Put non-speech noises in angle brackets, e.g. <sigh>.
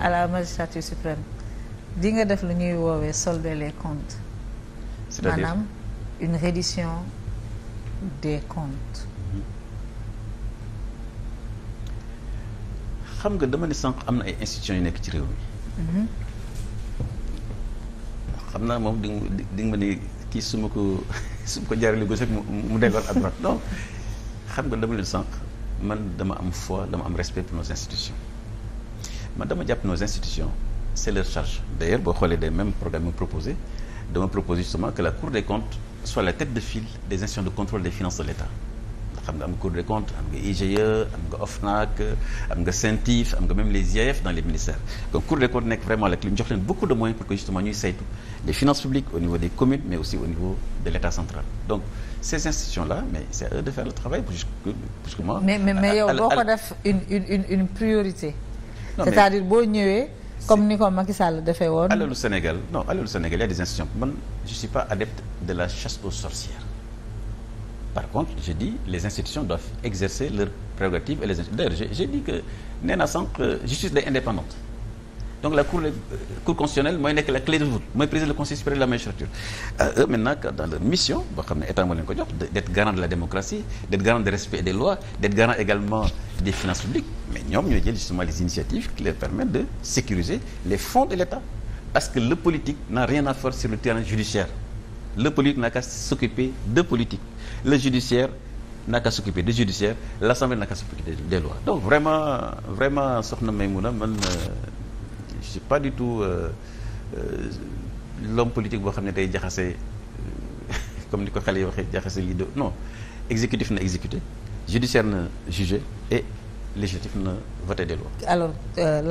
à la magistrature suprême nga def lu ñuy woowee solder les comptes cest à maanaam une reddition des comptes xam nga dama ne sànq am na ay institutions yu nekk ci réew mi mm-hmm. xam naa moom di di nga ma ne kii su ma ko <laughs> su ma ko jaarale gauche rek mu delluwaat à droite donc xam nga dama leen sànq man dama am foi dama am respect pour nos institutions man dama jàpp institutions c'est leur charge d'ailleurs boo xoolee des mêmes programmes yu proposé dama proposé justement que la cour des comptes soit la tête de file des institutions de contrôle des finances de l'État xam nga am cour des comptes am nga IGE am la clim jox beaucoup de moyens pour que justement ñuy saytu les finances publiques au niveau des communes mais aussi au niveau de l'État central donc ces institutions là mais c'est-à-dire boo ñëwee comme ni ko Macky Sall defee woon alalu Sénégal non alalu Sénégal y a des institutions man je suis pas adepte de la chasse aux sorcières par contre je dis les institutions doivent exercer leurs prérogatives et les d'ailleurs j'ai dit que nee naa sànq euh, justice day indépendante donc la cour euh, cour constitutionnelle mooy nekk la clé de voûte mooy président le conseil supérieur de la magistrature euh, eux maintenant dans leur mission boo xam ne état moo ko jox d'être garant de la démocratie d'être garant de également des finances publiques ñoom ñooy jël justement les initiatives qui leur permettent de sécuriser les fonds de l'État parce que le politique n'a rien à faire sur le terrain judiciaire le politique n'a qu'à s'occuper de politique le judiciaire n'a qu'à s'occuper des judiciaires l'Assemblée n'a qu'à s'occuper des lois donc vraiment vraiment soxna Maymouna man euh, je suis pas du tout euh, euh, l'homme politique boo xam ne day jaxase <laughs> comme ni ko xale yi waxee jaxase lii de non exécutif na exécuté judiciaire na jugé législatif na voté des lois alors euh,